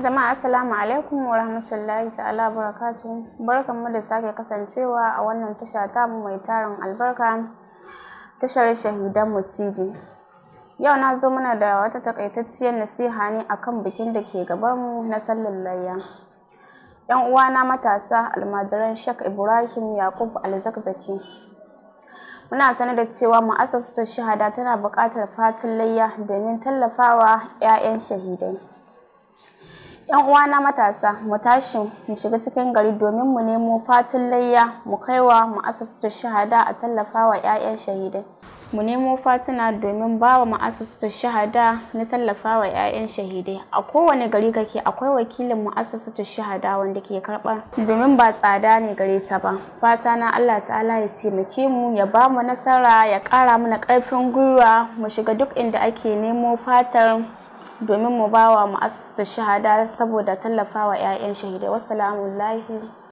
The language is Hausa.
Jama'a assalamu alaikum wa rahmatullahi ta'ala barakatu. mu da sake kasancewa a wannan tasha tamu mai tarin albarka tashar shahidanmu TV. Yau na zo mana da wata takaitacciyar nasiha ne akan bikin da ke mu na sallar layya. Yan uwana matasa almajiran Sheikh Ibrahim Yakub Alzakzaki. Muna sanar da cewa mu'assasatar shahada tana buƙatar fatin layya domin tallafawa 'ya'yan shahidai. 'yan uwa na matasa mu tashi mu shiga cikin gari domin mu nemo fatun layya mu kaiwa mu'assasatu shahada a tallafawa 'ya'yan shahidai mu nemo fatuna domin ba wa shahada na tallafawa wa 'ya'yan shahidai a kowane gari kake akwai wakilin ma'asasta shahada wanda ke karɓar domin ba tsada ne gare ta ba fata na Allah ta'ala ya taimake mu ya ba mu nasara ya ƙara mana ƙarfin gwiwa mu shiga duk inda ake nemo fatar domin mu ba wa mu'assasta shahada saboda tallafawa 'ya'yan shahidai wasu alaihi